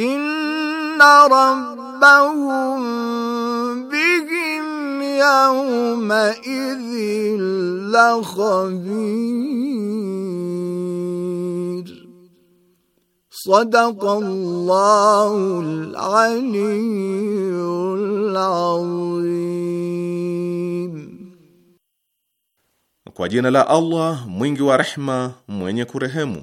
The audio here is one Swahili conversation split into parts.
إن ربهم بهم يومئذ لخبير صدق الله العلي العظيم Kwa jina la Allah mwingi wa rehma mwenye kurehemu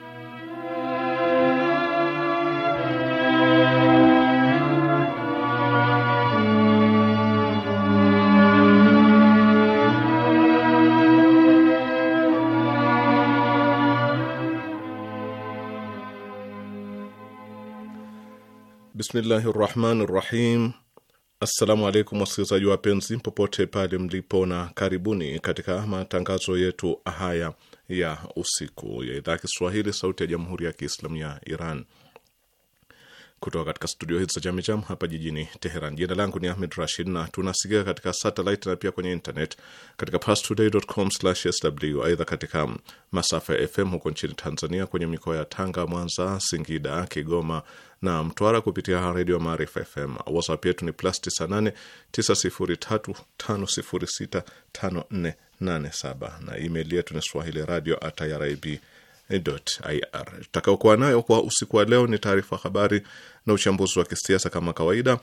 Bismillahi rahmani rahim. Assalamu alaikum wasikilizaji wapenzi popote pale mlipo, na karibuni katika matangazo yetu haya ya usiku ya idhaa Kiswahili sauti ya jamhuri ya Kiislamu ya Iran kutoka katika studio hizi za Jamijam hapa jijini Teheran. Jina langu ni Ahmed Rashid na tunasikika katika satelit na pia kwenye internet katika pastoday.com/sw. Aidha, katika masafa ya FM huko nchini Tanzania, kwenye mikoa ya Tanga, Mwanza, Singida, Kigoma na Mtwara kupitia redio Maarifa FM. WhatsApp yetu ni plus 98 na email yetu ni swahili radio at Tutakaokuwa nayo kwa usiku wa leo ni taarifa habari na uchambuzi wa kisiasa kama kawaida.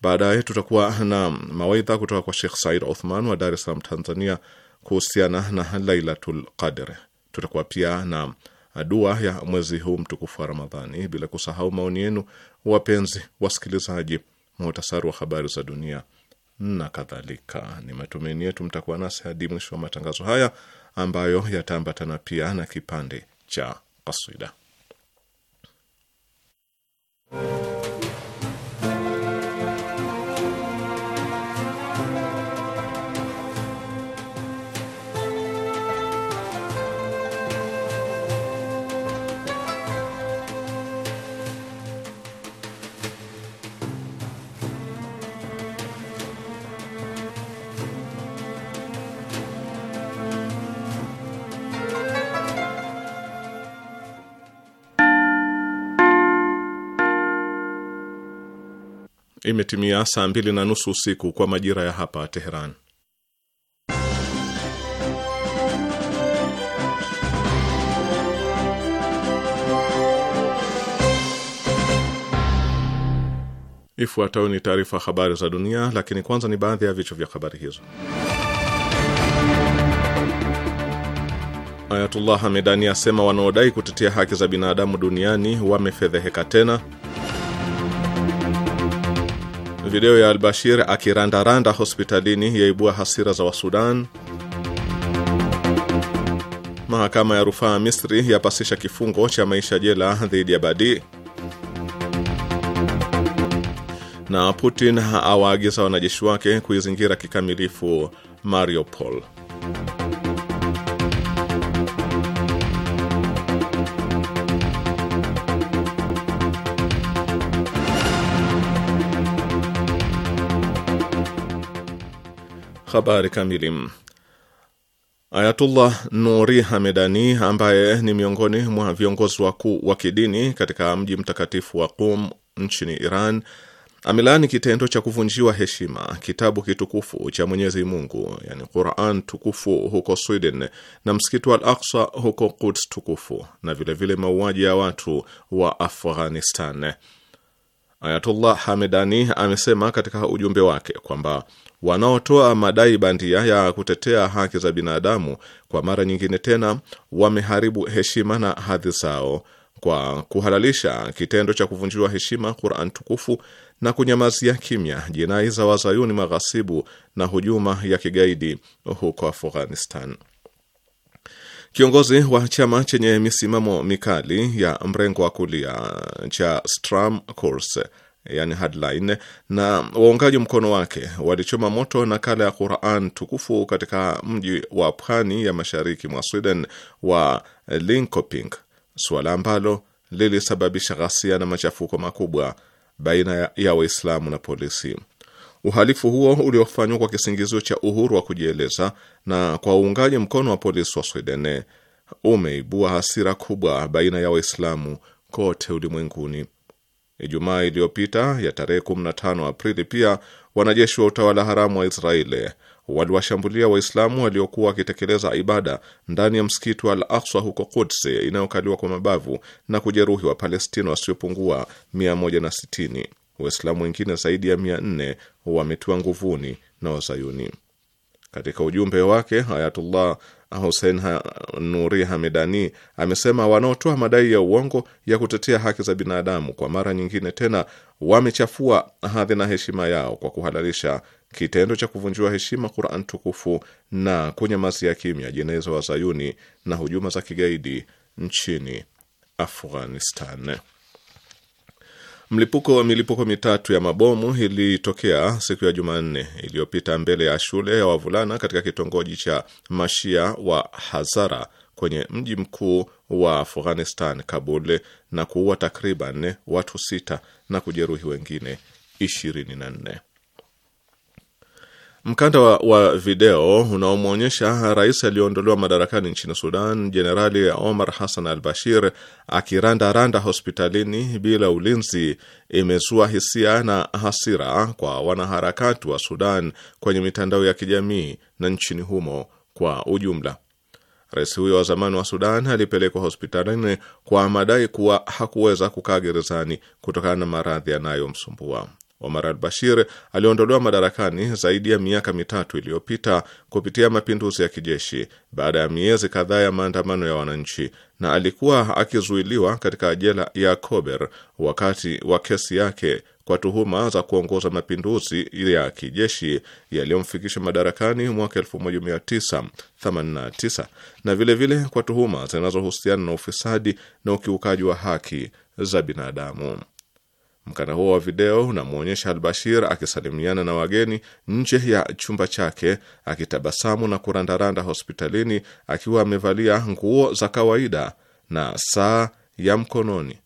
Baadaye tutakuwa na mawaidha kutoka kwa Sheikh Said Uthman wa Dar es Salaam, Tanzania, kuhusiana na Lailatul Qadr. Tutakuwa pia na dua ya mwezi huu mtukufu wa Ramadhani, bila kusahau maoni yenu, wapenzi wasikilizaji, muhtasari wa habari za dunia na kadhalika. Ni matumaini yetu mtakuwa nasi hadi mwisho wa matangazo haya ambayo yataambatana pia na kipande cha kasida. Imetimia saa mbili na nusu usiku kwa majira ya hapa Teheran. Ifuatayo ni taarifa habari za dunia, lakini kwanza ni baadhi ya vichwa vya habari hizo. Ayatullah Hamedani asema wanaodai kutetea haki za binadamu duniani wamefedheheka tena. Video ya Albashir akirandaranda hospitalini yaibua hasira za Wasudan. Mahakama ya rufaa Misri yapasisha kifungo cha maisha jela dhidi ya Badi. Na Putin awaagiza wanajeshi wake kuizingira kikamilifu Mariupol. Habari kamili. Ayatullah Nuri Hamedani ambaye ni miongoni mwa viongozi wakuu wa kidini katika mji mtakatifu wa Qum nchini Iran amelaani kitendo cha kuvunjiwa heshima kitabu kitukufu cha Mwenyezi Mungu, yani Quran tukufu huko Sweden na msikiti wa Al-Aqsa huko Quds tukufu na vilevile mauaji ya watu wa Afghanistan. Ayatullah Hamedani amesema katika ujumbe wake kwamba wanaotoa madai bandia ya kutetea haki za binadamu kwa mara nyingine tena wameharibu heshima na hadhi zao kwa kuhalalisha kitendo cha kuvunjiwa heshima Qur'an tukufu na kunyamazia kimya jinai za wazayuni maghasibu na hujuma ya kigaidi huko Afghanistan. Kiongozi wa chama chenye misimamo mikali ya mrengo wa kulia cha Stram Course yani headline, na waungaji mkono wake walichoma moto nakala ya Quran tukufu katika mji wa pwani ya mashariki mwa Sweden wa Linkoping, suala ambalo lilisababisha ghasia na machafuko makubwa baina ya Waislamu na polisi. Uhalifu huo uliofanywa kwa kisingizio cha uhuru wa kujieleza na kwa uungaji mkono wa polisi wa Sweden umeibua hasira kubwa baina ya Waislamu kote ulimwenguni. Ijumaa iliyopita ya tarehe 15 Aprili pia wanajeshi wa utawala haramu wa Israeli waliwashambulia Waislamu waliokuwa wakitekeleza ibada ndani ya msikiti wa Al Aqsa huko Kudsi inayokaliwa kwa mabavu na kujeruhi wa Palestina wasiopungua 160. Waislamu wengine zaidi ya 400 wametiwa nguvuni na Wazayuni. Katika ujumbe wake Ayatullah Hussein Nuri Hamedani amesema wanaotoa madai ya uongo ya kutetea haki za binadamu kwa mara nyingine tena wamechafua hadhi na heshima yao kwa kuhalalisha kitendo cha kuvunjiwa heshima Quran tukufu na kunyamazia kimya jeneza wa Zayuni na hujuma za kigaidi nchini Afghanistan. Mlipuko wa milipuko mitatu ya mabomu ilitokea siku ya Jumanne iliyopita mbele ya shule ya wavulana katika kitongoji cha Mashia wa Hazara kwenye mji mkuu wa Afghanistan, Kabul, na kuua takriban watu sita na kujeruhi wengine nne. Mkanda wa, wa video unaomwonyesha rais aliyoondolewa madarakani nchini Sudan, Jenerali Omar Hassan al Bashir akirandaranda hospitalini bila ulinzi imezua hisia na hasira kwa wanaharakati wa Sudan kwenye mitandao ya kijamii na nchini humo kwa ujumla. Rais huyo wa zamani wa Sudan alipelekwa hospitalini kwa madai kuwa hakuweza kukaa gerezani kutokana na maradhi yanayomsumbua. Omar al Bashir aliondolewa madarakani zaidi ya miaka mitatu iliyopita kupitia mapinduzi ya kijeshi baada ya miezi kadhaa ya maandamano ya wananchi, na alikuwa akizuiliwa katika jela ya Kober wakati wa kesi yake kwa tuhuma za kuongoza mapinduzi ya kijeshi yaliyomfikisha madarakani mwaka 1989 na vilevile vile kwa tuhuma zinazohusiana na ufisadi na ukiukaji wa haki za binadamu. Mkanda huo wa video unamwonyesha Albashir akisalimiana na wageni nje ya chumba chake akitabasamu na kurandaranda hospitalini akiwa amevalia nguo za kawaida na saa ya mkononi.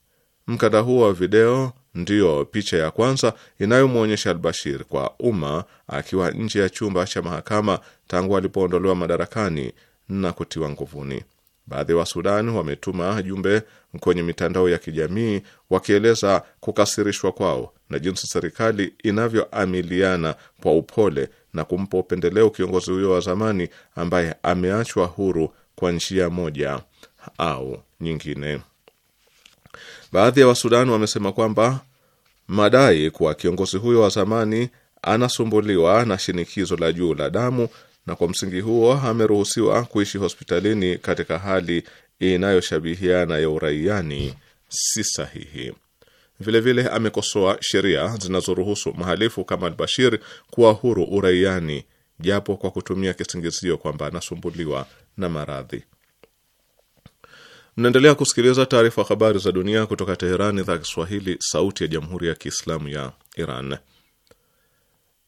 Mkanda huo wa video ndiyo picha ya kwanza inayomwonyesha Albashir kwa umma akiwa nje ya chumba cha mahakama tangu alipoondolewa madarakani na kutiwa nguvuni. Baadhi ya wa Wasudan wametuma jumbe kwenye mitandao ya kijamii wakieleza kukasirishwa kwao na jinsi serikali inavyoamiliana kwa upole na kumpa upendeleo kiongozi huyo wa zamani ambaye ameachwa huru kwa njia moja au nyingine. Baadhi ya wa Wasudan wamesema kwamba madai kuwa kiongozi huyo wa zamani anasumbuliwa na shinikizo la juu la damu na kwa msingi huo ameruhusiwa kuishi hospitalini katika hali inayoshabihiana ya uraiani si sahihi. Vilevile amekosoa sheria zinazoruhusu mhalifu kama Albashir kuwa huru uraiani, japo kwa kutumia kisingizio kwamba anasumbuliwa na maradhi. Mnaendelea kusikiliza taarifa habari za dunia kutoka Teherani, idhaa Kiswahili, sauti ya jamhuri ya kiislamu ya Iran.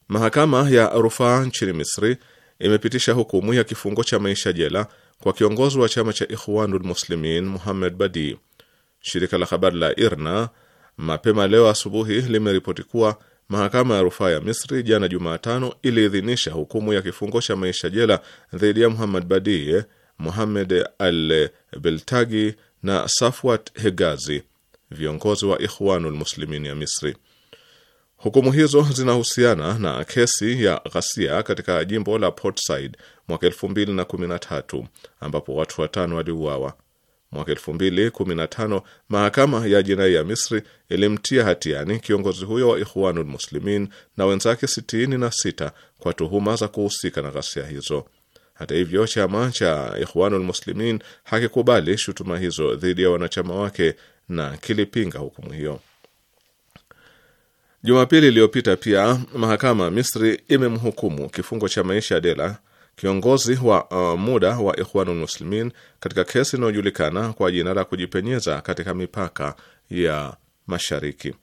Mahakama ya rufaa nchini Misri imepitisha hukumu ya kifungo cha maisha jela kwa kiongozi wa chama cha Ikhwanul Muslimin Muhammad Badi. Shirika la habari la IRNA mapema leo asubuhi limeripoti kuwa mahakama ya rufaa ya Misri jana Jumatano iliidhinisha hukumu ya kifungo cha maisha jela dhidi ya Muhammad Badi, Muhammad Al Beltagi na Safwat Hegazi, viongozi wa Ikhwanul Muslimin ya Misri. Hukumu hizo zinahusiana na kesi ya ghasia katika jimbo la Portside mwaka tatu ambapo watu watano waliuawa. Mwaka tano mahakama ya jinai ya Misri ilimtia hatiani kiongozi huyo wa Ikhwanul Muslimin na wenzake 66 kwa tuhuma za kuhusika na ghasia hizo. Hata hivyo, chama cha Ikhwanul Muslimin hakikubali shutuma hizo dhidi ya wanachama wake na kilipinga hukumu hiyo. Jumapili iliyopita pia mahakama ya Misri imemhukumu kifungo cha maisha Dela, kiongozi wa uh, muda wa Ikhwanul Muslimin katika kesi inayojulikana kwa jina la kujipenyeza katika mipaka ya mashariki.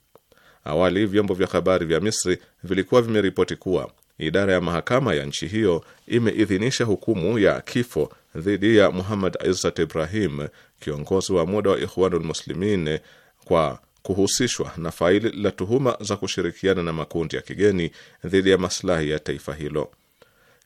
Awali vyombo vya habari vya Misri vilikuwa vimeripoti kuwa idara ya mahakama ya nchi hiyo imeidhinisha hukumu ya kifo dhidi ya Muhammad Izzat Ibrahim, kiongozi wa muda wa Ikhwanul Muslimin kwa kuhusishwa na faili la tuhuma za kushirikiana na makundi ya kigeni dhidi ya maslahi ya taifa hilo.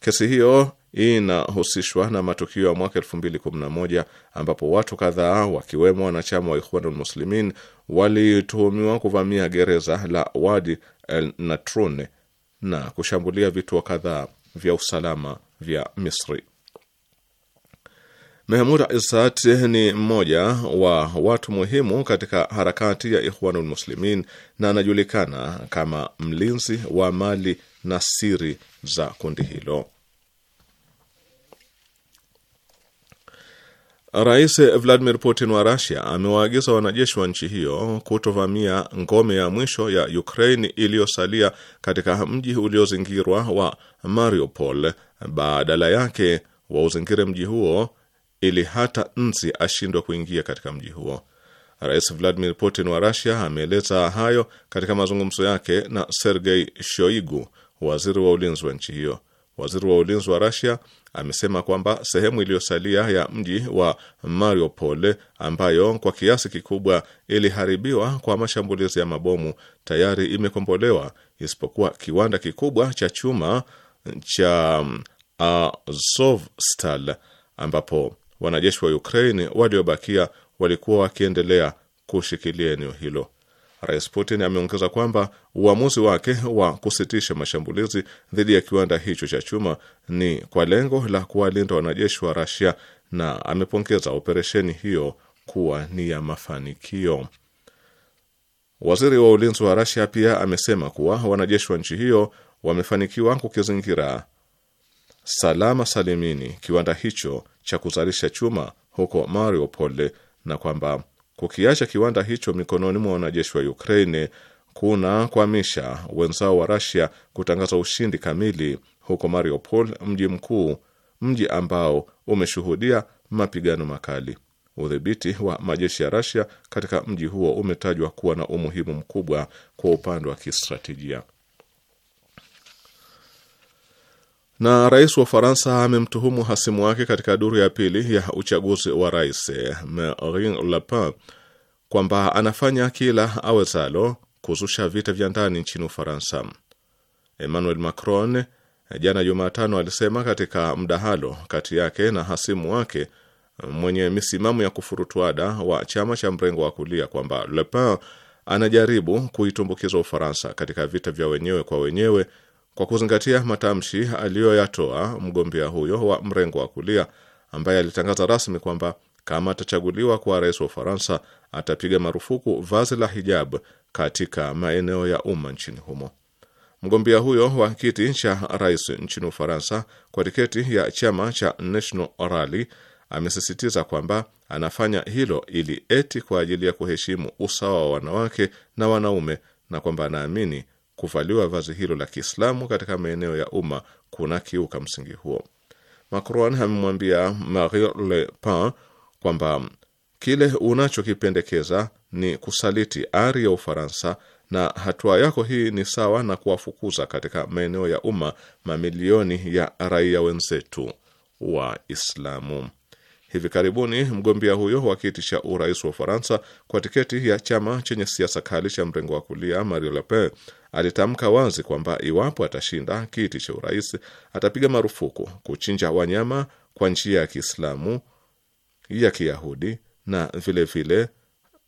Kesi hiyo inahusishwa na matukio ya mwaka 2011 ambapo watu kadhaa wakiwemo wanachama wa Ikhwanul Muslimin walituhumiwa kuvamia gereza la Wadi El Natrun na kushambulia vituo kadhaa vya usalama vya Misri. Mehmud Isat ni mmoja wa watu muhimu katika harakati ya Ikhwanul Muslimin na anajulikana kama mlinzi wa mali na siri za kundi hilo. Rais Vladimir Putin wa Russia amewaagiza wanajeshi wa nchi hiyo kutovamia ngome ya mwisho ya Ukraine iliyosalia katika mji uliozingirwa wa Mariupol, badala yake wauzingire mji huo ili hata nzi ashindwe kuingia katika mji huo. Rais Vladimir Putin wa rasia ameeleza hayo katika mazungumzo yake na Sergei Shoigu, waziri wa ulinzi wa nchi hiyo. Waziri wa ulinzi wa rasia amesema kwamba sehemu iliyosalia ya mji wa Mariupol ambayo kwa kiasi kikubwa iliharibiwa kwa mashambulizi ya mabomu tayari imekombolewa isipokuwa kiwanda kikubwa cha chuma cha um, Azovstal ambapo Wanajeshi wa Ukraine waliobakia walikuwa wakiendelea kushikilia eneo hilo. Rais Putin ameongeza kwamba uamuzi wake wa kusitisha mashambulizi dhidi ya kiwanda hicho cha chuma ni kwa lengo la kuwalinda wanajeshi wa Russia na amepongeza operesheni hiyo kuwa ni ya mafanikio. Waziri wa ulinzi wa Russia pia amesema kuwa wanajeshi wa nchi hiyo wamefanikiwa kukizingira salama salimini kiwanda hicho cha kuzalisha chuma huko Mariupol na kwamba kukiacha kiwanda hicho mikononi mwa wanajeshi wa Ukraine kunakwamisha wenzao wa Russia kutangaza ushindi kamili huko Mariupol, mji mkuu, mji ambao umeshuhudia mapigano makali. Udhibiti wa majeshi ya Russia katika mji huo umetajwa kuwa na umuhimu mkubwa kwa upande wa kistratejia. Na rais wa Faransa amemtuhumu hasimu wake katika duru ya pili ya uchaguzi wa rais Marine Le Pen kwamba anafanya kila awezalo kuzusha vita vya ndani nchini Ufaransa. Emmanuel Macron jana Jumatano alisema katika mdahalo kati yake na hasimu wake mwenye misimamo ya kufurutuada wa chama cha mrengo wa kulia kwamba Le Pen anajaribu kuitumbukiza Ufaransa katika vita vya wenyewe kwa wenyewe kwa kuzingatia matamshi aliyoyatoa mgombea huyo wa mrengo wa kulia ambaye alitangaza rasmi kwamba kama atachaguliwa kuwa rais wa Ufaransa atapiga marufuku vazi la hijab katika maeneo ya umma nchini humo. Mgombea huyo wa kiti cha rais nchini Ufaransa kwa tiketi ya chama cha National Rally amesisitiza kwamba anafanya hilo ili eti kwa ajili ya kuheshimu usawa wa wanawake na wanaume na kwamba anaamini kuvaliwa vazi hilo la Kiislamu katika maeneo ya umma kuna kiuka msingi huo. Macron amemwambia Marie Le Pen kwamba kile unachokipendekeza ni kusaliti ari ya Ufaransa na hatua yako hii ni sawa na kuwafukuza katika maeneo ya umma mamilioni ya raia wenzetu Waislamu. Hivi karibuni mgombea huyo wa kiti cha urais wa Ufaransa kwa tiketi ya chama chenye siasa kali cha mrengo wa kulia Mario Le Pen alitamka wazi kwamba iwapo atashinda kiti cha urais atapiga marufuku kuchinja wanyama kwa njia ya Kiislamu, ya Kiyahudi na vilevile vile,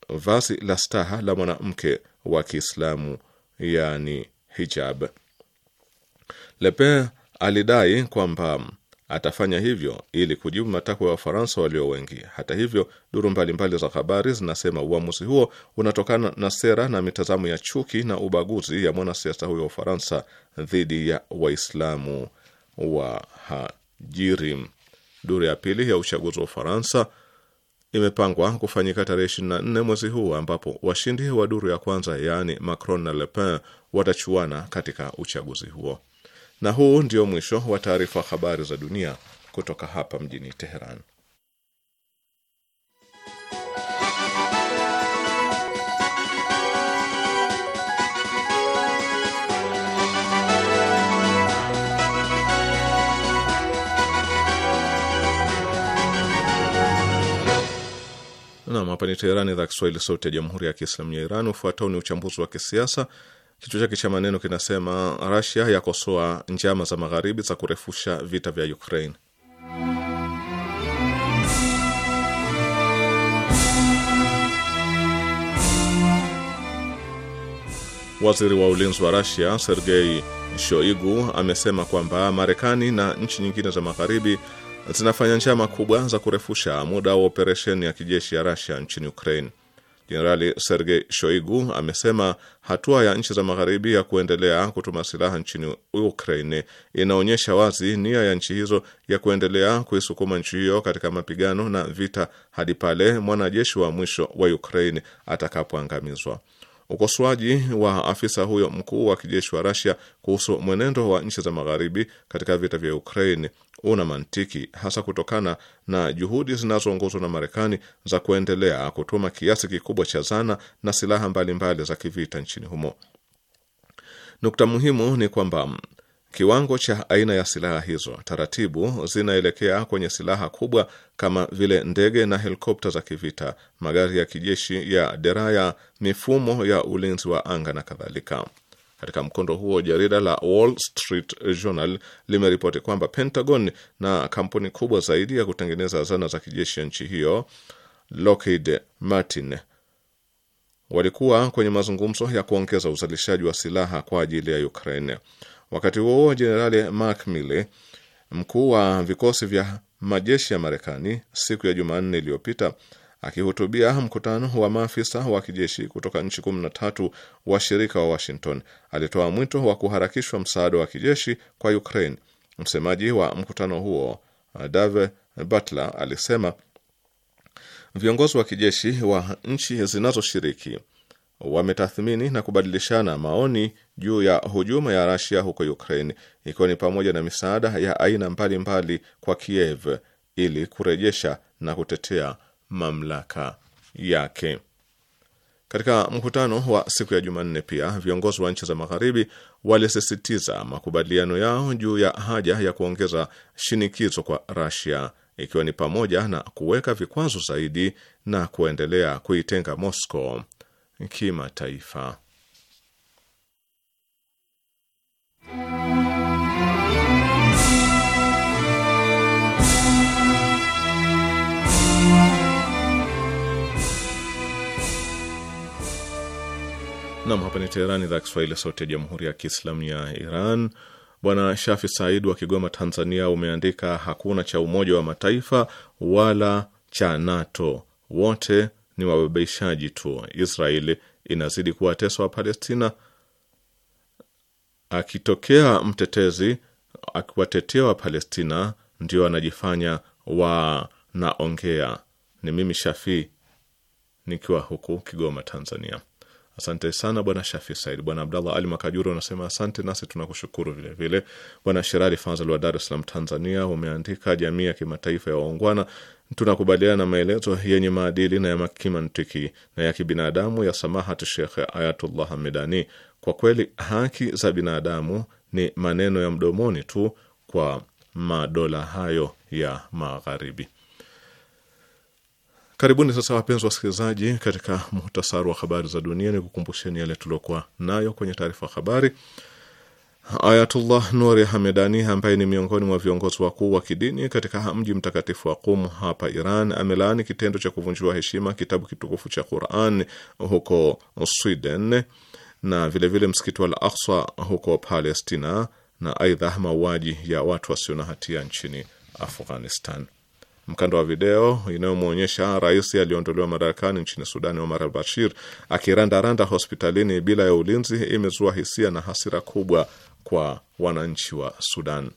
vazi la staha la mwanamke wa Kiislamu yani hijab. Le Pen alidai kwamba atafanya hivyo ili kujibu matakwa ya Wafaransa walio wengi. Hata hivyo, duru mbalimbali za habari zinasema uamuzi huo unatokana na sera na mitazamo ya chuki na ubaguzi ya mwanasiasa huyo wa Ufaransa dhidi ya Waislamu wa hajiri Duru ya pili ya uchaguzi wa Ufaransa imepangwa kufanyika tarehe 24 mwezi huu ambapo washindi wa duru ya kwanza yaani Macron na Le Pen watachuana katika uchaguzi huo. Na huu ndio mwisho wa taarifa wa habari za dunia kutoka hapa mjini Teheran. Nam, hapa ni Teherani, idhaa Kiswahili, sauti ya jamhuri ya kiislamu ya Iran. Ufuatao ni uchambuzi wa kisiasa Kichwa chake cha maneno kinasema Rasia yakosoa njama za magharibi za kurefusha vita vya Ukraine. Waziri wa ulinzi wa Rasia Sergei Shoigu amesema kwamba Marekani na nchi nyingine za magharibi zinafanya njama kubwa za kurefusha muda wa operesheni ya kijeshi ya Rasia nchini Ukraine. Jenerali Sergei Shoigu amesema hatua ya nchi za magharibi ya kuendelea kutuma silaha nchini Ukraine inaonyesha wazi nia ya nchi hizo ya kuendelea kuisukuma nchi hiyo katika mapigano na vita hadi pale mwanajeshi wa mwisho wa Ukraine atakapoangamizwa. Ukosoaji wa afisa huyo mkuu wa kijeshi wa Russia kuhusu mwenendo wa nchi za magharibi katika vita vya Ukraine una mantiki, hasa kutokana na juhudi zinazoongozwa na Marekani za kuendelea kutuma kiasi kikubwa cha zana na silaha mbalimbali mbali za kivita nchini humo. Nukta muhimu ni kwamba kiwango cha aina ya silaha hizo taratibu zinaelekea kwenye silaha kubwa kama vile ndege na helikopta za kivita, magari ya kijeshi ya deraya, mifumo ya ulinzi wa anga na kadhalika. Katika mkondo huo, jarida la Wall Street Journal limeripoti kwamba Pentagon na kampuni kubwa zaidi ya kutengeneza zana za kijeshi ya nchi hiyo Lockheed Martin walikuwa kwenye mazungumzo ya kuongeza uzalishaji wa silaha kwa ajili ya Ukraine. Wakati huo Jenerali Mark Milley, mkuu wa vikosi vya majeshi ya Marekani, siku ya Jumanne iliyopita Akihutubia mkutano wa maafisa wa kijeshi kutoka nchi 13 washirika wa Washington, alitoa mwito wa kuharakishwa msaada wa kijeshi kwa Ukraine. Msemaji wa mkutano huo Dave Butler alisema viongozi wa kijeshi wa nchi zinazoshiriki wametathmini na kubadilishana maoni juu ya hujuma ya Russia huko Ukraine, ikiwa ni pamoja na misaada ya aina mbalimbali mbali kwa Kiev ili kurejesha na kutetea mamlaka yake. Katika mkutano wa siku ya Jumanne pia viongozi wa nchi za magharibi walisisitiza makubaliano yao juu ya haja ya kuongeza shinikizo kwa Russia, ikiwa ni pamoja na kuweka vikwazo zaidi na kuendelea kuitenga Moscow kimataifa. Nam, hapa ni Teherani, idhaa ya Kiswahili, sauti ya jamhuri ya kiislamu ya Iran. Bwana Shafi Said wa Kigoma, Tanzania, umeandika hakuna cha Umoja wa Mataifa wala cha NATO, wote ni wabebeshaji tu. Israeli inazidi kuwateswa Wapalestina. Akitokea mtetezi akiwatetea Wapalestina ndio anajifanya wanaongea. Ni mimi Shafi nikiwa huku Kigoma, Tanzania. Asante sana bwana Shafi Said. Bwana Abdallah Ali makajuru anasema asante, nasi tunakushukuru vilevile. Bwana Shirali Fazal wa Dar es Salaam, Tanzania, umeandika jamii ya kimataifa ya waungwana tunakubaliana na maelezo yenye maadili na ya kimantiki na ya kibinadamu ya samahati Shekhe Ayatullah Hamedani. Kwa kweli haki za binadamu ni maneno ya mdomoni tu kwa madola hayo ya Magharibi. Karibuni sasa wapenzi wasikilizaji, katika muhtasari wa habari za dunia, ni kukumbusheni yale tuliokuwa nayo kwenye taarifa ya habari. Ayatullah Nuri Hamedani ambaye ni miongoni mwa viongozi wakuu wa kidini katika mji mtakatifu wa Qum hapa Iran amelaani kitendo cha kuvunjiwa heshima kitabu kitukufu cha Quran huko Sweden na vilevile msikiti wa Al-Aqsa huko Palestina na aidha mauaji ya watu wasio na hatia nchini Afghanistan. Mkanda wa video inayomwonyesha rais aliyeondolewa madarakani nchini Sudani, Omar al Bashir, akirandaranda hospitalini bila ya ulinzi imezua hisia na hasira kubwa kwa wananchi wa Sudan.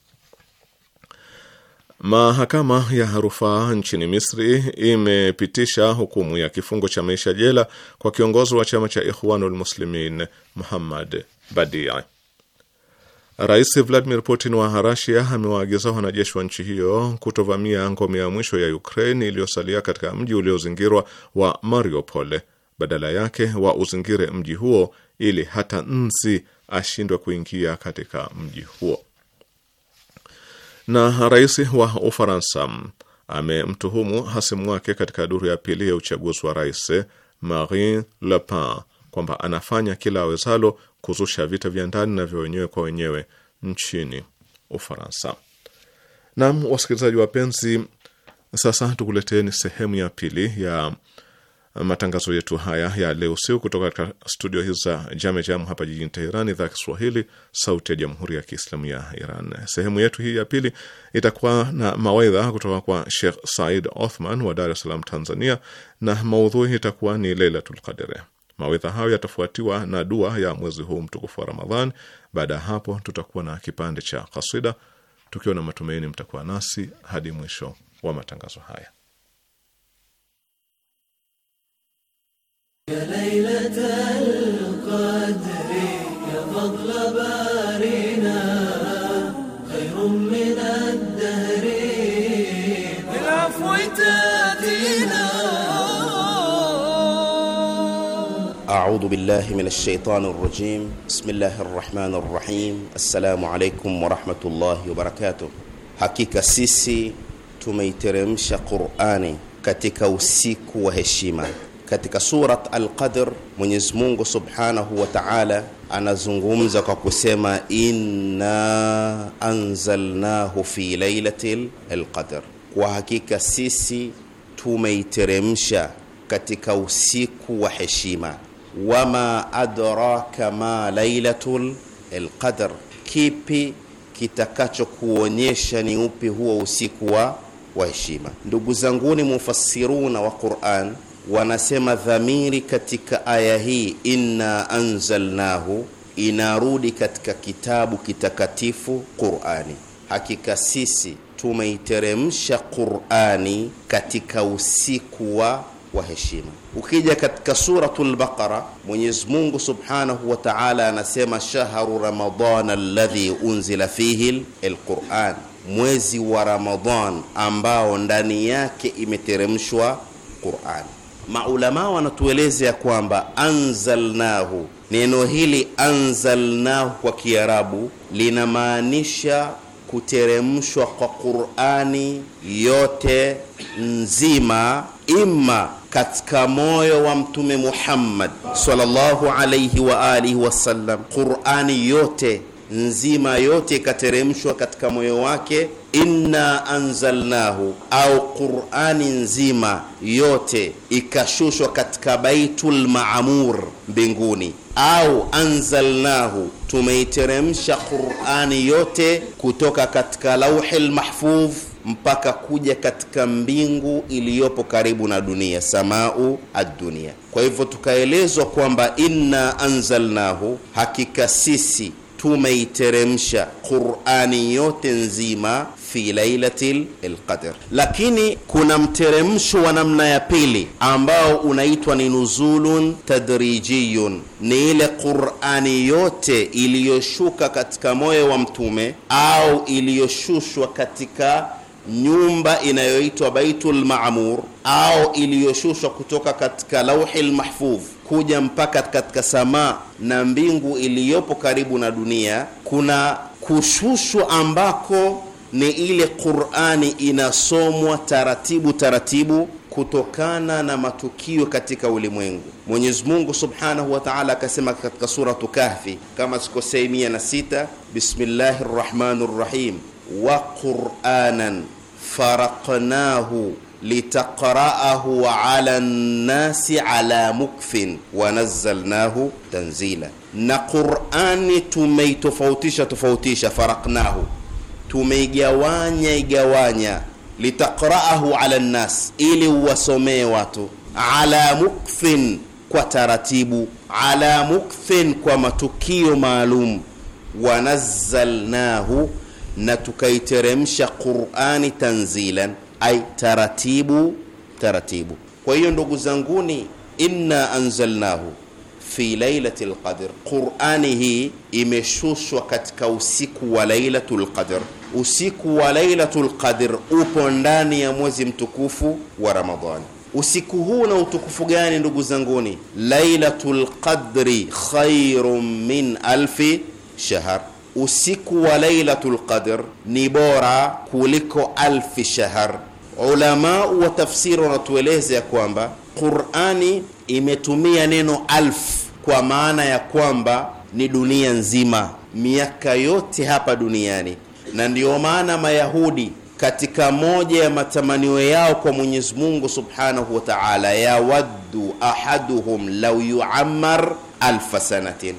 Mahakama ya rufaa nchini Misri imepitisha hukumu ya kifungo cha maisha jela kwa kiongozi wa chama cha Ikhwanul Muslimin Muhammad badii Rais Vladimir Putin wa Rasia amewaagiza wanajeshi wa nchi hiyo kutovamia ngome ya mwisho ya Ukraine iliyosalia katika mji uliozingirwa wa Mariupol. Badala yake wa uzingire mji huo ili hata nzi ashindwe kuingia katika mji huo. Na rais wa Ufaransa amemtuhumu hasimu wake katika duru ya pili ya uchaguzi wa rais Marine Le Pen kwamba anafanya kila awezalo kuzusha vita vya ndani na vya wenyewe kwa wenyewe nchini Ufaransa. Naam, wasikilizaji wapenzi, sasa tukuleteeni sehemu ya pili ya matangazo yetu haya ya leo usiku kutoka katika studio hizi za Jam hapa jijini Teheran, idhaa Kiswahili, sauti ya jamhuri ya kiislamu ya Iran. Sehemu yetu hii ya pili itakuwa na mawaidha kutoka kwa Sheikh Said Othman wa Dar es Salaam, Tanzania, na maudhui itakuwa ni Lailatul Qadr. Mawedha hayo yatafuatiwa na dua ya mwezi huu mtukufu wa Ramadhan. Baada ya hapo, tutakuwa na kipande cha kasida, tukiwa na matumaini mtakuwa nasi hadi mwisho wa matangazo haya. Ya Lailatul Qadr أعوذ بالله من الشيطان الرجيم بسم الله الرحمن الرحيم السلام عليكم ورحمة الله وبركاته hakika sisi tumeiteremsha Qur'ani katika usiku wa heshima katika surat Al-Qadr Mwenyezi Mungu Subhanahu wa Ta'ala anazungumza kwa kusema inna anzalnahu fi lailatil qadr, kwa hakika sisi katika usiku wa heshima wama adraka ma lailatul lqadr kipi kitakachokuonyesha ni upi huo usiku wa wa heshima. Ndugu zanguni mufassiruna wa Qur'an wanasema dhamiri katika aya hii inna anzalnahu inarudi katika kitabu kitakatifu Qur'ani. Hakika sisi tumeiteremsha Qur'ani katika usiku wa wa heshima. Ukija katika suratul Baqara, Mwenyezi Mungu Subhanahu wa Ta'ala anasema shahru ramadan alladhi unzila fihi alquran, mwezi wa ramadan ambao ndani yake imeteremshwa Qur'an. Maulamaa wanatueleza ya kwamba anzalnahu, neno hili anzalnahu kwa Kiarabu linamaanisha kuteremshwa kwa Qur'ani yote nzima, ima katika moyo wa Mtume Muhammad sallallahu alayhi wa alihi wasallam. Qurani yote nzima yote ikateremshwa katika moyo wake. Inna anzalnahu au Qurani nzima yote ikashushwa katika Baitul Maamur mbinguni, au anzalnahu, tumeiteremsha Qurani yote kutoka katika Lauhil Mahfudh mpaka kuja katika mbingu iliyopo karibu na dunia, samau addunia. Kwa hivyo tukaelezwa kwamba inna anzalnahu, hakika sisi tumeiteremsha Qur'ani yote nzima fi lailati lqadr Lakini kuna mteremsho wa namna ya pili ambao unaitwa ni nuzulun tadrijiyun, ni ile Qur'ani yote iliyoshuka katika moyo wa mtume au iliyoshushwa katika nyumba inayoitwa Baitul Maamur au iliyoshushwa kutoka katika lauhi lmahfudh kuja mpaka katika samaa na mbingu iliyopo karibu na dunia, kuna kushushwa ambako ni ile Qur'ani inasomwa taratibu taratibu kutokana na matukio katika ulimwengu. Mwenyezi Mungu Subhanahu wa Ta'ala akasema katika suratu Kahfi, kama sikosei, 6 bismillahi sita, rrahim wa quranan faraqnahu litaqra'ahu ala nnasi ala mukfin wa tanzila, na Qur'ani tumeitofautisha tofautisha, faraqnahu, tumeigawanya igawanya, litaqra'ahu ala nnas, ili uwasomee watu, ala mukfin, kwa taratibu, ala mukfin, kwa matukio maalum, wa na tukaiteremsha Qur'ani tanzilan, ai taratibu taratibu. Kwa hiyo ndugu zanguni, inna anzalnahu fi lailati lqadr Qur'ani hii imeshushwa katika usiku wa lailatu lqadr Usiku wa lailatu lqadr upo ndani ya mwezi mtukufu wa Ramadhani. Usiku huu na utukufu gani ndugu zanguni? Lailatul qadri khairun min alfi shahr usiku wa Lailatul Qadr ni bora kuliko alfi shahr. Ulama wa tafsiri wanatueleza ya kwamba Qur'ani imetumia neno alf kwa maana ya kwamba ni dunia nzima, miaka yote hapa duniani, na ndiyo maana Mayahudi katika moja ya matamanio yao kwa Mwenyezi Mungu Subhanahu wa Ta'ala, yawaddu ahaduhum law yu'ammar alfa sanatin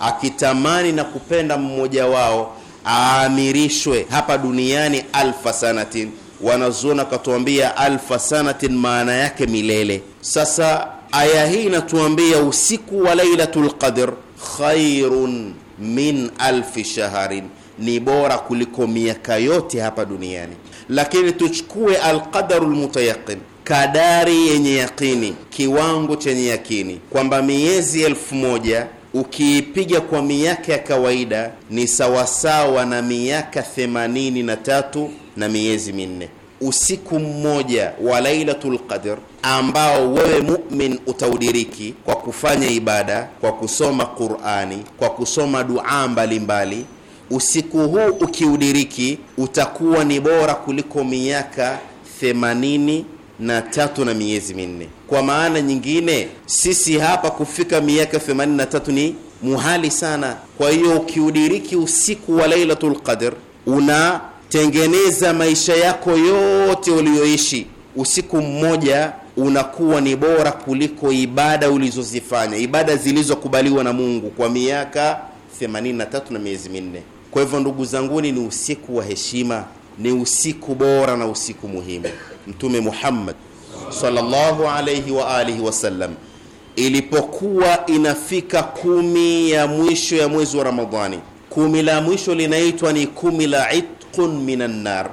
akitamani na kupenda mmoja wao aamirishwe hapa duniani alfa sanatin. Wanazuona katuambia alfa sanatin maana yake milele. Sasa aya hii inatuambia usiku wa Lailatul Qadr khairun min alfi shaharin, ni bora kuliko miaka yote hapa duniani. Lakini tuchukue alqadaru lmutayaqin, kadari yenye yaqini, kiwango chenye yakini kwamba miezi elfu moja ukiipiga kwa miaka ya kawaida ni sawasawa na miaka themanini na tatu na miezi minne. Usiku mmoja wa Lailatul Qadr ambao wewe mumin utaudiriki kwa kufanya ibada, kwa kusoma Qur'ani, kwa kusoma duaa mbalimbali. Usiku huu ukiudiriki utakuwa ni bora kuliko miaka themanini na tatu na miezi minne. Kwa maana nyingine, sisi hapa kufika miaka 83 ni muhali sana. Kwa hiyo ukiudiriki usiku wa Lailatul Qadr unatengeneza maisha yako yote uliyoishi. Usiku mmoja unakuwa ni bora kuliko ibada ulizozifanya, ibada zilizokubaliwa na Mungu kwa miaka 83 na miezi minne. Kwa hivyo, ndugu zanguni, ni usiku wa heshima, ni usiku bora na usiku muhimu. Mtume Muhammad sallallahu alayhi wa alihi wasallam ilipokuwa inafika kumi ya mwisho ya mwezi wa Ramadhani, kumi la mwisho linaitwa ni kumi la itqun minan nar,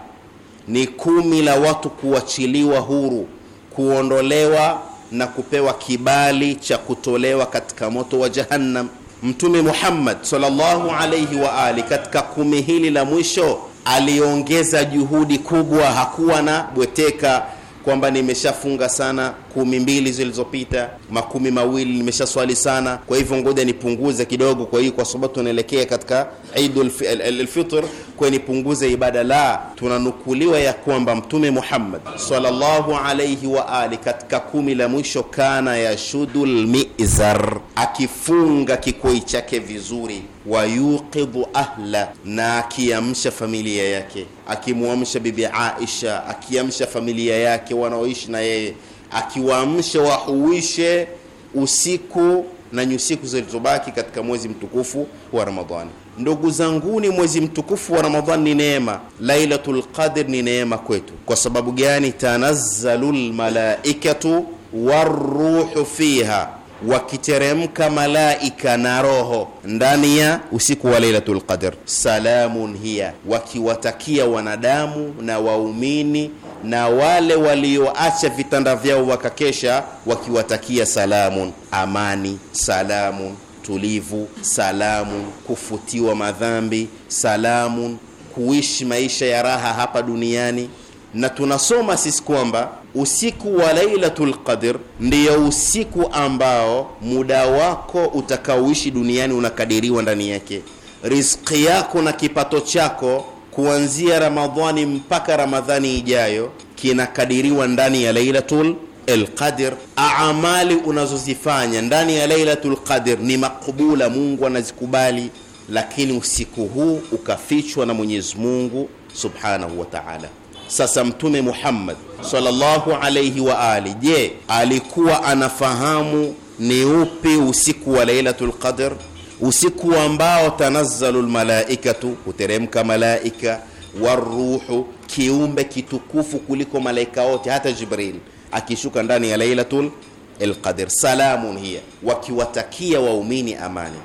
ni kumi la watu kuachiliwa huru, kuondolewa na kupewa kibali cha kutolewa katika moto wa Jahannam. Mtume Muhammad sallallahu alayhi wa ali katika kumi hili la mwisho aliongeza juhudi kubwa, hakuwa na bweteka kwamba nimeshafunga sana kumi mbili zilizopita, makumi mawili nimeshaswali sana, kwa hivyo ngoja nipunguze kidogo. Kwa hiyo kwa sababu tunaelekea katika Eid ni punguze ibada, la tunanukuliwa ya kwamba Mtume Muhammad sallallahu alayhi wa ali katika kumi la mwisho, kana yashudul mizar, akifunga kikoi chake vizuri, wayuqidhu ahla, na akiamsha familia yake, akimwamsha Bibi Aisha, akiamsha familia yake wanaoishi na yeye, akiwaamsha wahuishe usiku na nyusiku zilizobaki katika mwezi mtukufu wa Ramadhani. Ndugu zanguni, mwezi mtukufu wa Ramadhani ni neema. Lailatul Qadr ni neema kwetu. Kwa sababu gani? tanazzalu lmalaikatu waruhu fiha, wakiteremka malaika na roho ndani ya usiku wa Lailatul Qadr. Salamun hiya, wakiwatakia wanadamu na waumini na wale walioacha vitanda vyao wakakesha, wakiwatakia salamun, amani, salamun tulivu, salamun kufutiwa madhambi, salamun kuishi maisha ya raha hapa duniani. Na tunasoma sisi kwamba usiku wa Lailatul Qadr ndiyo usiku ambao muda wako utakaoishi duniani unakadiriwa ndani yake, riziki yako na kipato chako kuanzia Ramadhani mpaka Ramadhani ijayo kinakadiriwa ndani ya Lailatul Alqadr, amali unazozifanya ndani ya Lailatul Qadr ni makubula, Mungu anazikubali, lakini usiku huu ukafichwa na Mwenyezi Mungu Subhanahu wa Ta'ala. Sasa Mtume Muhammad sallallahu alayhi wa ali, je, alikuwa anafahamu ni upi usiku wa Lailatul Qadr? Usiku ambao tanazzalu lmalaikatu, huteremka malaika, waruhu, kiumbe kitukufu kuliko malaika wote, hata Jibril akishuka ndani ya Lailatul Qadr, salamun hiya, wakiwatakia waumini amani.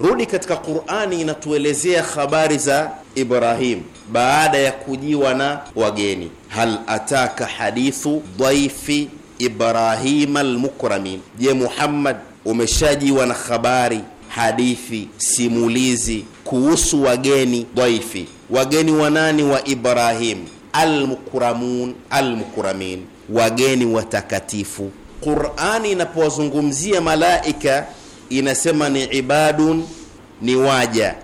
Rudi katika Qur'ani, inatuelezea habari za Ibrahim baada ya kujiwa na wageni. Hal ataka hadithu dhaifi ibrahim almukramin, je, Muhammad, umeshajiwa na habari hadithi simulizi kuhusu wageni dhaifi, wageni wanani wa Ibrahim almukramun almukramin wageni watakatifu. Qurani inapowazungumzia malaika inasema ni ibadun, ni waja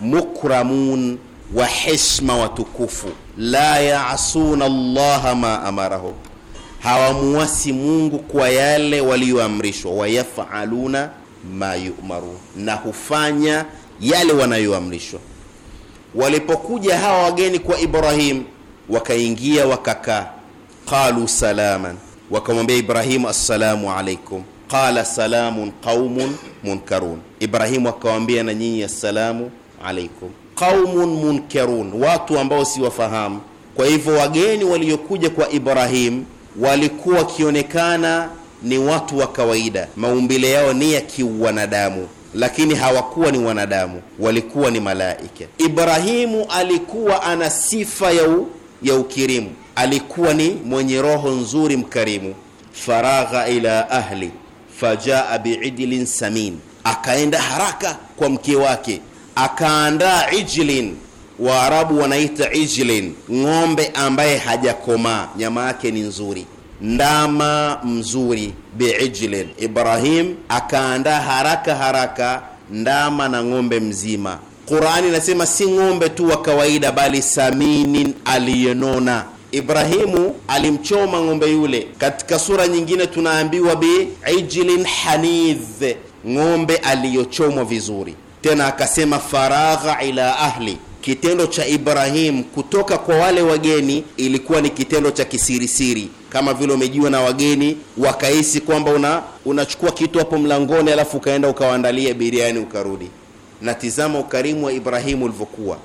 mukramun wa heshma watukufu, la yaasuna llaha ma amarahum, hawamuasi Mungu kwa yale waliyoamrishwa, wayafaluna ma yumaru, na hufanya yale wanayoamrishwa. Walipokuja hawa wageni kwa Ibrahim, wakaingia wakakaa qalu salaman, wakamwambia Ibrahimu assalamu alaikum. Qala salamun qaumun munkarun, Ibrahimu akawambia na nyinyi assalamu alaikum. Qaumun munkarun, watu ambao siwafahamu. Kwa hivyo wageni waliokuja kwa Ibrahimu walikuwa wakionekana ni watu wa kawaida, maumbile yao ni ya kiwanadamu, lakini hawakuwa ni wanadamu, walikuwa ni malaika. Ibrahimu alikuwa ana sifa ya, u, ya ukirimu alikuwa ni mwenye roho nzuri mkarimu. faragha ila ahli fajaa biijlin samin, akaenda haraka kwa mke wake akaandaa ijlin. Waarabu wanaita ijlin ng'ombe ambaye hajakomaa, nyama yake ni nzuri, ndama mzuri. Biijlin, Ibrahim akaandaa haraka haraka ndama na ng'ombe mzima. Qurani inasema si ng'ombe tu wa kawaida, bali saminin aliyenona Ibrahimu alimchoma ng'ombe yule. Katika sura nyingine tunaambiwa bi ijlin hanidh, ng'ombe aliyochomwa vizuri. Tena akasema faragha ila ahli. Kitendo cha Ibrahim kutoka kwa wale wageni ilikuwa ni kitendo cha kisirisiri, kama vile umejiwa na wageni wakahisi kwamba una unachukua kitu hapo mlangoni, alafu ukaenda ukawaandalia biriani ukarudi. Na tizama ukarimu wa Ibrahimu ulivyokuwa,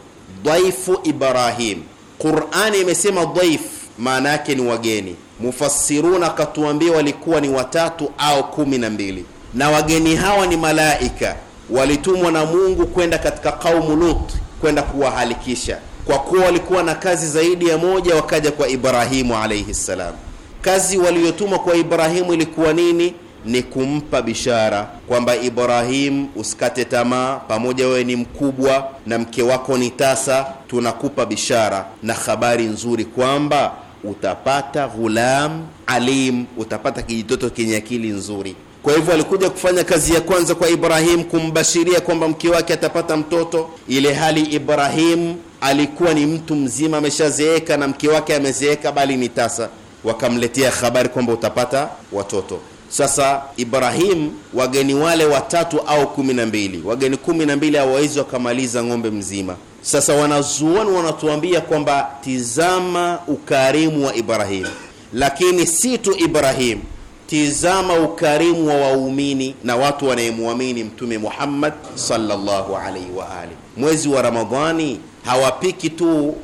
dhaifu Ibrahim Qur'ani imesema dhaif, maana yake ni wageni. Mufassiruna katuambia walikuwa ni watatu au kumi na mbili, na wageni hawa ni malaika, walitumwa na Mungu kwenda katika kaumu Lut kwenda kuwahalikisha. Kwa kuwa walikuwa na kazi zaidi ya moja, wakaja kwa Ibrahimu alayhi salam. Kazi waliyotumwa kwa Ibrahimu ilikuwa nini? ni kumpa bishara kwamba Ibrahim, usikate tamaa, pamoja wewe ni mkubwa na mke wako ni tasa, tunakupa bishara na habari nzuri kwamba utapata ghulam alim, utapata kijitoto chenye akili nzuri. Kwa hivyo alikuja kufanya kazi ya kwanza kwa Ibrahim kumbashiria kwamba mke wake atapata mtoto, ile hali Ibrahim alikuwa ni mtu mzima ameshazeeka na mke wake amezeeka, bali ni tasa. Wakamletea habari kwamba utapata watoto. Sasa Ibrahim, wageni wale watatu au kumi na mbili, wageni kumi na mbili hawawezi wakamaliza ng'ombe mzima. Sasa wanazuoni wanatuambia kwamba tizama ukarimu wa ibrahim lakini si tu ibrahim tizama ukarimu wa waumini na watu wanayemwamini Mtume Muhammad sallallahu alaihi wa alihi. Mwezi wa Ramadhani hawapiki tu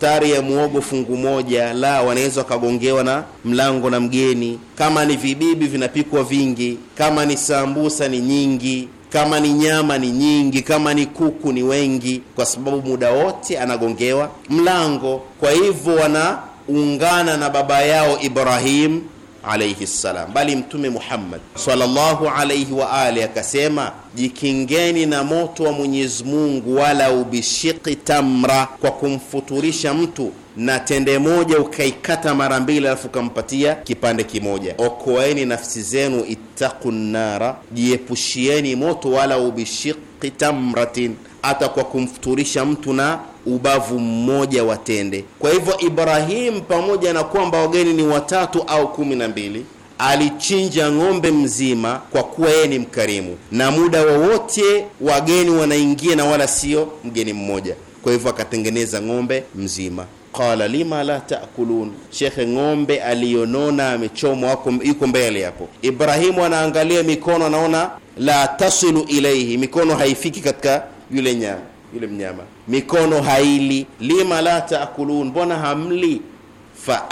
iftari ya muogo fungu moja, la wanaweza wakagongewa na mlango na mgeni. Kama ni vibibi vinapikwa vingi, kama ni sambusa ni nyingi, kama ni nyama ni nyingi, kama ni kuku ni wengi, kwa sababu muda wote anagongewa mlango. Kwa hivyo wanaungana na baba yao Ibrahim alayhi salam, bali Mtume Muhammad sallallahu alayhi wa alihi akasema, jikingeni na moto wa Mwenyezi Mungu, wala ubishiki tamra, kwa kumfuturisha mtu na tende moja ukaikata mara mbili, alafu ukampatia kipande kimoja. Okoeni nafsi zenu, ittaqu nnara, jiepushieni moto, wala ubishiqi tamratin, hata kwa kumfuturisha mtu na ubavu mmoja wa tende. Kwa hivyo Ibrahim, pamoja na kwamba wageni ni watatu au kumi na mbili, alichinja ng'ombe mzima kwa kuwa yeye ni mkarimu, na muda wowote wageni wanaingia na wala sio mgeni mmoja. Kwa hivyo akatengeneza ng'ombe mzima qala lima la taakulun, shekhe, ng'ombe aliyonona amechomwa yuko mbele hapo. Ibrahimu anaangalia mikono, anaona la tasilu ilaihi, mikono haifiki katika yule nyama, yule mnyama, mikono haili. Lima la taakulun, mbona hamli? Fa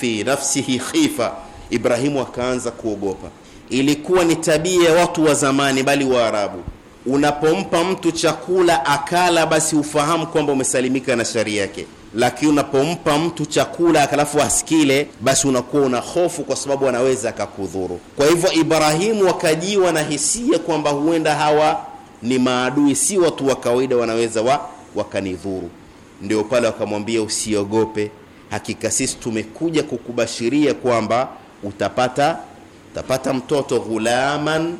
fi nafsihi khifa, Ibrahimu akaanza kuogopa. Ilikuwa ni tabia ya watu wa zamani, bali Waarabu Unapompa mtu chakula akala, basi ufahamu kwamba umesalimika na sharia yake. Lakini unapompa mtu chakula akalafu asikile, basi unakuwa una hofu, kwa sababu anaweza akakudhuru. Kwa hivyo, Ibrahimu wakajiwa na hisia kwamba huenda hawa ni maadui, si watu wa kawaida, wanaweza wa, wakanidhuru. Ndio pale wakamwambia usiogope, hakika sisi tumekuja kukubashiria kwamba utapata utapata mtoto ghulaman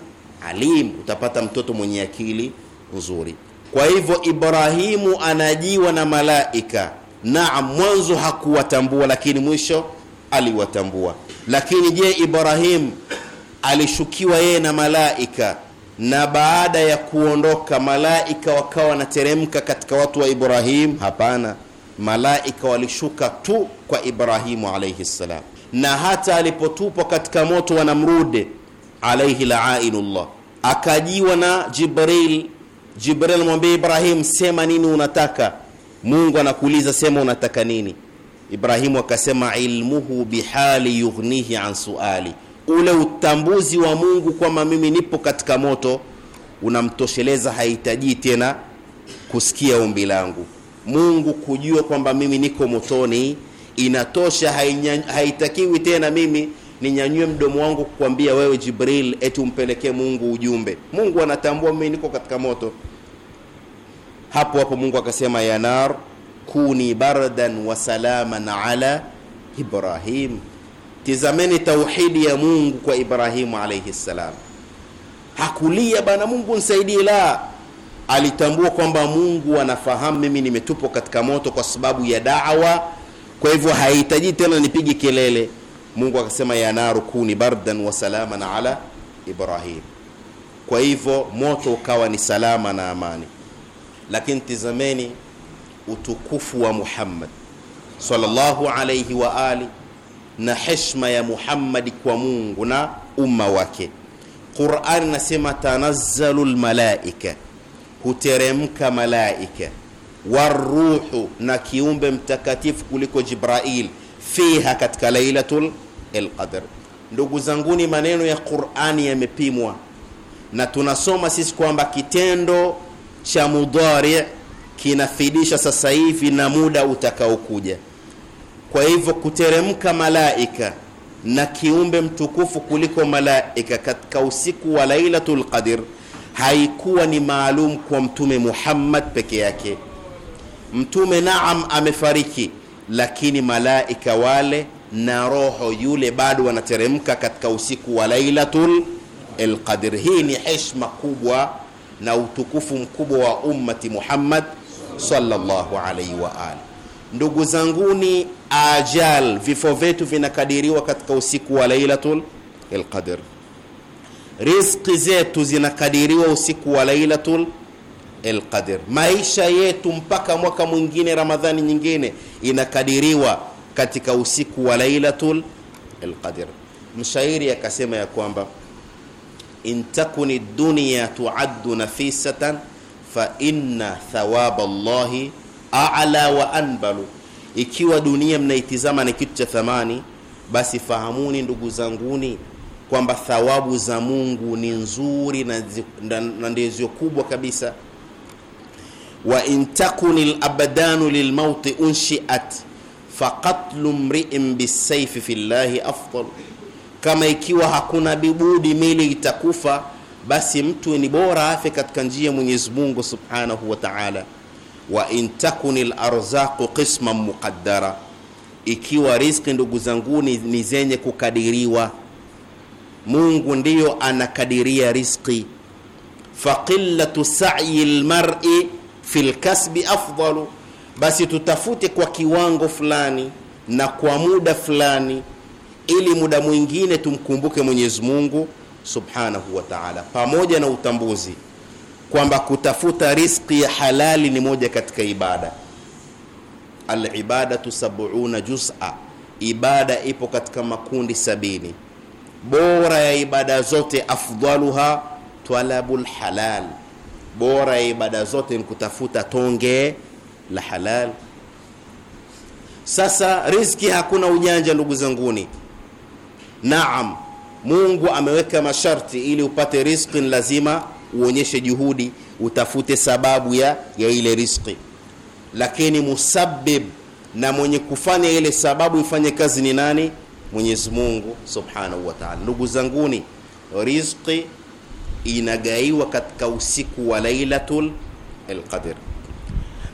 halim, utapata mtoto mwenye akili nzuri. Kwa hivyo Ibrahimu anajiwa na malaika. Naam, mwanzo hakuwatambua, lakini mwisho aliwatambua. Lakini je, Ibrahimu alishukiwa yeye na malaika, na baada ya kuondoka malaika wakawa wanateremka katika watu wa Ibrahimu? Hapana, malaika walishuka tu kwa Ibrahimu alayhi salam, na hata alipotupwa katika moto wa Namrude alayhi akajiwa na Jibril. Jibril amwambia Ibrahim, sema nini unataka. Mungu anakuuliza sema unataka nini. Ibrahimu akasema ilmuhu bihali yughnihi an suali, ule utambuzi wa Mungu kwamba mimi nipo katika moto unamtosheleza, hahitaji tena kusikia ombi langu. Mungu kujua kwamba mimi niko motoni inatosha, haitakiwi tena mimi ninyanyue mdomo wangu kukwambia wewe Jibril, eti umpelekee Mungu ujumbe. Mungu anatambua mimi niko katika moto. Hapo hapo Mungu akasema, ya nar kuni bardan wa ala Ibrahim. Tizameni tauhidi ya Mungu kwa Ibrahimu alayhi salam. Hakulia bana, Mungu nisaidie, la alitambua kwamba Mungu anafahamu mimi nimetupwa katika moto kwa sababu ya da'wa. Kwa hivyo haihitaji tena nipige kelele Mungu akasema ya naru kuni bardan wa salaman ala Ibrahim. Kwa hivyo moto ukawa ni salama na amani. Lakini tizameni utukufu wa Muhammad sallallahu alayhi wa ali na heshima ya Muhammad kwa Mungu na umma wake. Qur'an nasema tanazzalu lmalaika huteremka malaika waruhu, na kiumbe mtakatifu kuliko Jibrail, fiha, katika lailatul alqadr. Ndugu zanguni, maneno ya Qur'ani yamepimwa, na tunasoma sisi kwamba kitendo cha mudhari kinafidisha sasa hivi na muda utakaokuja. Kwa hivyo kuteremka malaika na kiumbe mtukufu kuliko malaika katika usiku wa Lailatul Qadr haikuwa ni maalum kwa Mtume Muhammad peke yake. Mtume naam amefariki, lakini malaika wale na roho yule bado wanateremka katika usiku wa Lailatul Qadr. Hii ni heshima kubwa na utukufu mkubwa wa ummati Muhammad sallallahu alaihi wa ali. Ndugu zanguni, ajal, vifo vyetu vinakadiriwa katika usiku wa Lailatul Qadr. rizqi zetu zinakadiriwa usiku wa Lailatul lqadr Maisha yetu mpaka mwaka mwingine, Ramadhani nyingine, inakadiriwa katika usiku wa Lailatul Qadr. Mshairi akasema ya, ya kwamba intakuni dunya tuaddu nafisatan fa inna llahi a'la wa anbalu, ikiwa dunia mnaitizama ni kitu cha thamani, basi fahamuni ndugu zanguni kwamba thawabu za Mungu ni nzuri na ndizo kubwa kabisa. wa intakuni labdanu lilmauti unshiat faqatlu mri'in bisaifi llahi afdal, kama ikiwa hakuna bibudi mili itakufa, basi mtu ni bora afe katika njia ya Mwenyezi Mungu subhanahu wa ta'ala. Wa in takunil arzaqu qisman muqaddara, ikiwa riziki ndugu zangu ni zenye kukadiriwa, Mungu ndiyo anakadiria riziki. Faqillatu sa'yi lmar'i fi lkasbi afdalu basi tutafute kwa kiwango fulani na kwa muda fulani, ili muda mwingine tumkumbuke Mwenyezi Mungu Subhanahu wa Ta'ala, pamoja na utambuzi kwamba kutafuta riski ya halali ni moja katika ibada. Alibadatu sab'una juz'a, ibada ipo katika makundi sabini. Bora ya ibada zote afdaluha talabu halal, bora ya ibada zote ni kutafuta tonge la halal. Sasa riziki hakuna ujanja, ndugu zanguni. Naam, Mungu ameweka masharti ili upate riziki, ni lazima uonyeshe juhudi, utafute sababu ya, ya ile riziki, lakini musabbib na mwenye kufanya ile sababu ifanye kazi ni nani? Mwenyezi Mungu subhanahu wa taala. Ndugu zanguni, riziki inagaiwa katika usiku wa Lailatul Qadr.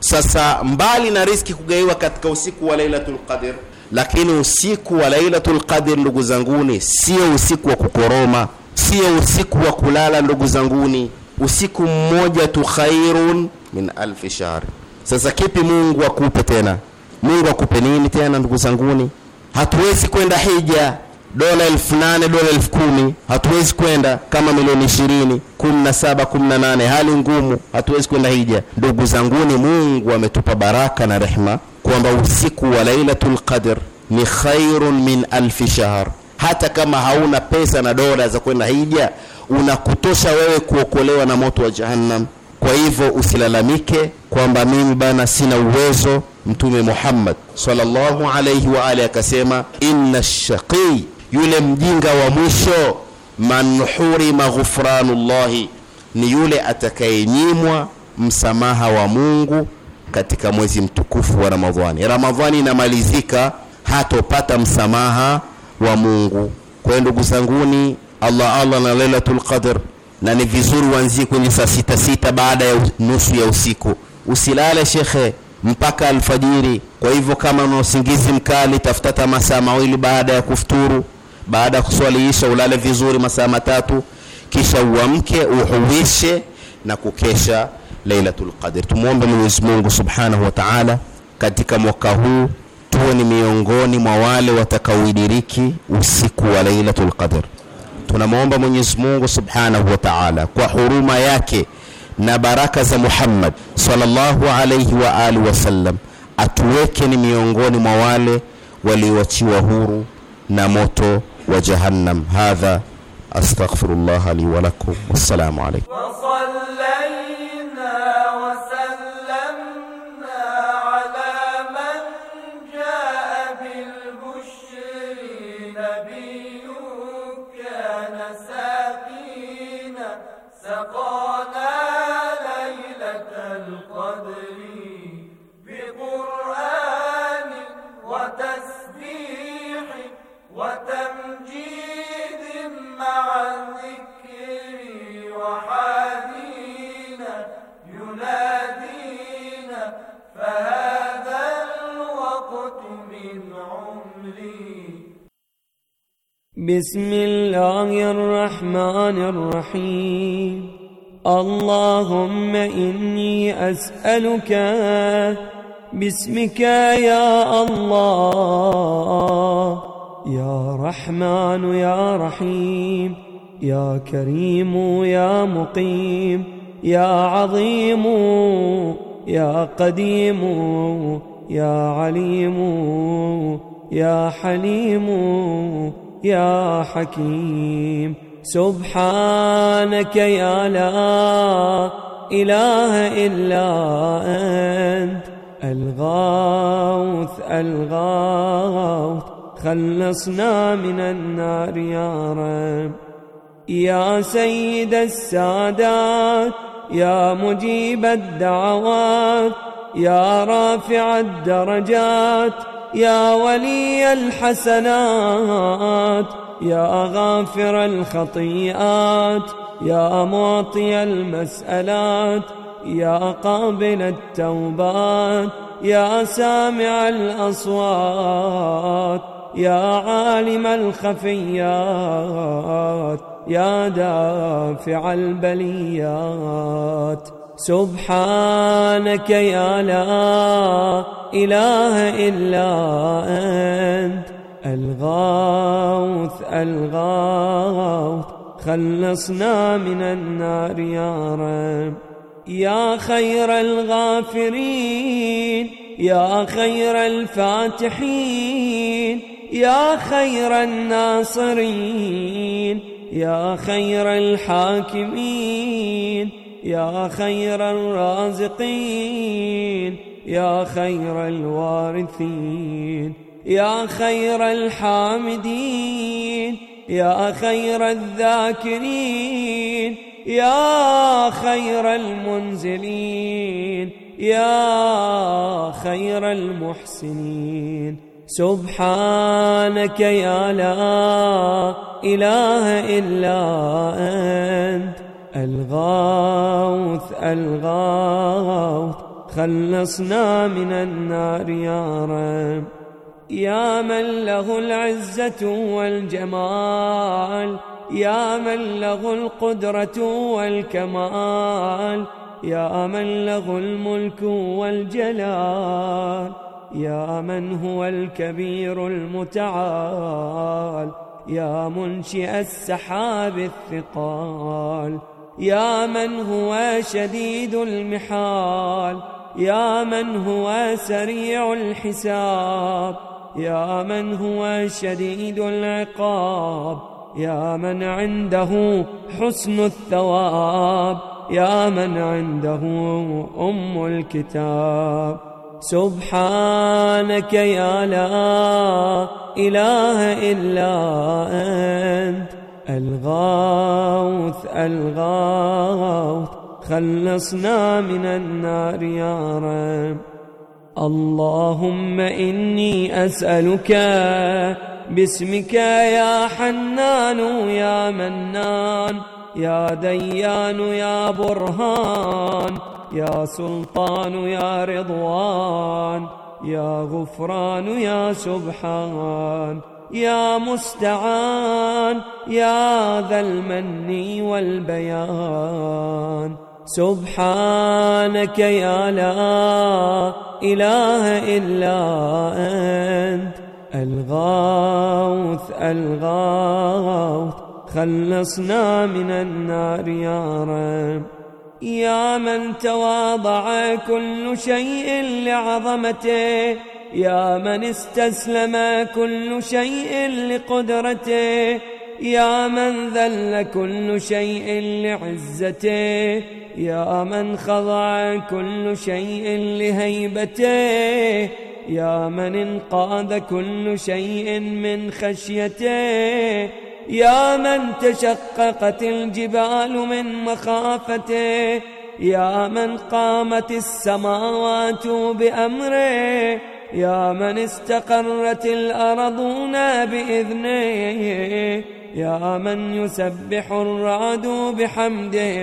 Sasa mbali na riski kugaiwa katika usiku wa Lailatul Qadr, lakini usiku wa Lailatul Qadr, ndugu zanguni, sio usiku wa kukoroma, sio usiku wa kulala, ndugu zanguni. Usiku mmoja tu khairun min alfi shahr. Sasa kipi Mungu akupe tena? Mungu akupe nini tena, ndugu zanguni? Hatuwezi kwenda hija dola elfu nane dola elfu kumi hatuwezi kwenda kama milioni ishirini kumi na saba kumi na nane hali ngumu, hatuwezi kwenda hija. Ndugu zanguni, Mungu ametupa baraka na rehma kwamba usiku wa Lailatul Qadr ni khairun min alfi shahr. Hata kama hauna pesa na dola za kwenda hija, unakutosha wewe kuokolewa na moto wa Jahannam. Kwa hivyo usilalamike kwamba mimi bana sina uwezo. Mtume Muhammad sallallahu alayhi wa alihi akasema, inna shaqi yule mjinga wa mwisho man hurima ghufranullahi, ni yule atakayenyimwa msamaha wa Mungu katika mwezi mtukufu wa Ramadhani. Ramadhani inamalizika, hatopata msamaha wa Mungu. Kwa ndugu zanguni, Allah Allah na Lailatul Qadr, na ni vizuri uanzie kwenye saa sita sita baada ya nusu ya usiku, usilale shekhe mpaka alfajiri. Kwa hivyo kama una usingizi mkali, tafuta masaa mawili baada ya kufuturu baada ya kuswali isha ulale vizuri masaa matatu, kisha uamke uhuishe na kukesha Lailatul Qadr. Tumuombe Mwenyezi Mungu Subhanahu wa Ta'ala, katika mwaka huu tuwe ni miongoni mwa wale watakaoidiriki usiku wa Lailatul Qadr. Tunamwomba Mwenyezi Mungu Subhanahu wa Ta'ala kwa huruma yake na baraka za Muhammad sallallahu alayhi wa alihi wasallam atuweke ni miongoni mwa wale walioachiwa huru na moto وجهنم هذا أستغفر الله لي ولكم والسلام عليكم وصلينا وسلمنا على من جاء نبي كان سقانا ليلة القدر بقرآن وتسبيح وتمجيد بسم الله الرحمن الرحيم اللهم إني أسألك باسمك يا الله يا رحمن يا رحيم يا كريم يا مقيم يا عظيم يا قديم يا عليم يا حليم يا حكيم سبحانك يا لا إله إلا أنت الغوث الغوث خلصنا من النار يا رب يا سيد السادات يا مجيب الدعوات يا رافع الدرجات يا ولي الحسنات يا غافر الخطيئات يا معطي المسألات يا قابل التوبات يا سامع الأصوات يا عالم الخفيات يا دافع البليات سبحانك يا لا إله إلا أنت الغوث الغوث خلصنا من النار يا رب يا خير الغافرين يا خير الفاتحين يا خير الناصرين يا خير الحاكمين يا خير الرازقين يا خير الوارثين يا خير الحامدين يا خير الذاكرين يا خير المنزلين يا خير المحسنين سبحانك يا لا إله إلا أنت الغوث الغوث خلصنا من النار يا رب يا من له العزة والجمال يا من له القدرة والكمال يا من له الملك والجلال يا من هو الكبير المتعال يا منشئ السحاب الثقال يا من هو شديد المحال يا من هو سريع الحساب يا من هو شديد العقاب يا من عنده حسن الثواب يا من عنده أم الكتاب سبحانك يا لا إله إلا أنت الغوث الغوث خلصنا من النار يا رب اللهم إني أسألك باسمك يا حنان يا منان يا ديان يا برهان يا سلطان يا رضوان يا غفران يا سبحان يا مستعان يا ذا المن والبيان سبحانك يا لا إله إلا أنت الغوث الغوث خلصنا من النار يا رب يا من تواضع كل شيء لعظمته يا من استسلم كل شيء لقدرته يا من ذل كل شيء لعزته يا من خضع كل شيء لهيبته يا من انقاذ كل شيء من خشيته يا من تشققت الجبال من مخافته يا من قامت السماوات بأمره يا من استقرت الأرضون بإذنه يا من يسبح الرعد بحمده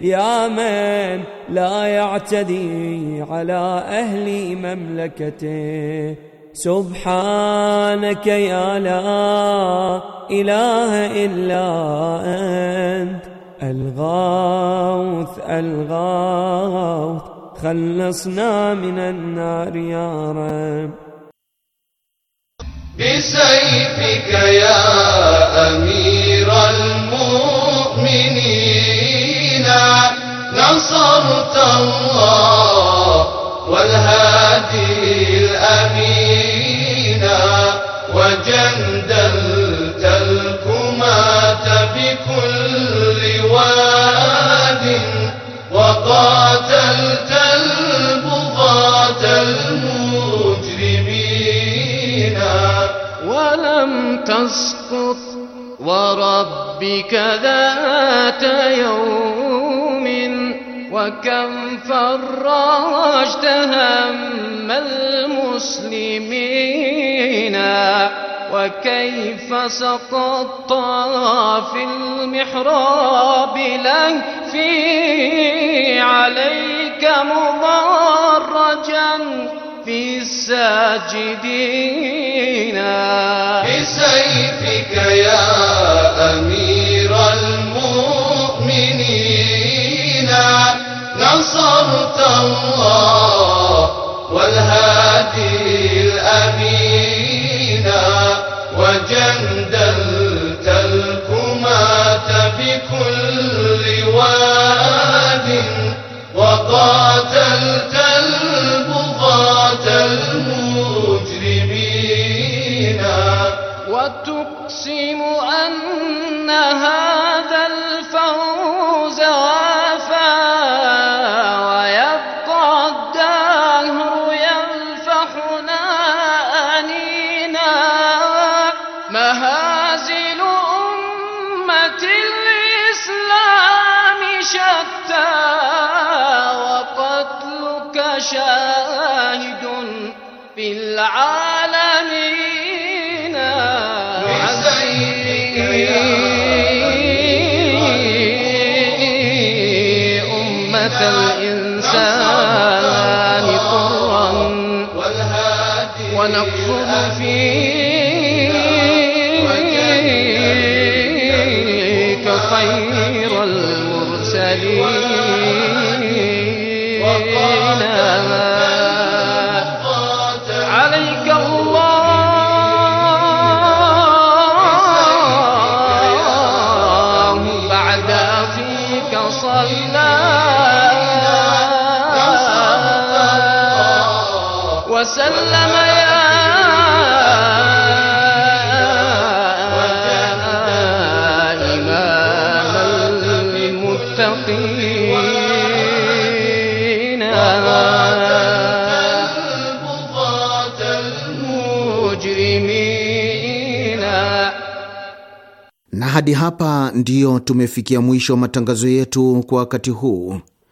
يا من لا يعتدي على أهل مملكته سبحانك يا لا إله إلا أنت الغوث الغوث خلصنا من النار يا رب بسيفك يا أمير المؤمنين نصرت الله والهادي الأمين وجندلت الكماة بكل واد وقاتلت البغاة المجرمين ولم تسقط وربك ذات يوم وكم فرجت هم المسلمين وكيف سقطت في المحراب له في عليك مضرجا في الساجدين بسيفك يا أمين نصرت الله والهادي الأمين وجندلت الكماة بكل واد وقاتلت وسلم يا إمام المتقين المجرمين na hadi hapa ndiyo tumefikia mwisho wa matangazo yetu kwa wakati huu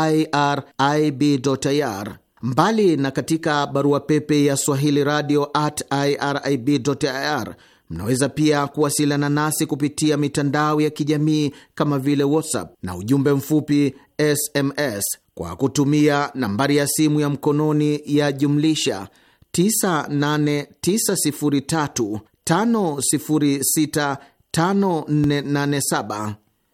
irib.ir, mbali na katika barua pepe ya swahili radio at irib.ir. Mnaweza pia kuwasiliana nasi kupitia mitandao ya kijamii kama vile WhatsApp na ujumbe mfupi SMS kwa kutumia nambari ya simu ya mkononi ya jumlisha 989035065487.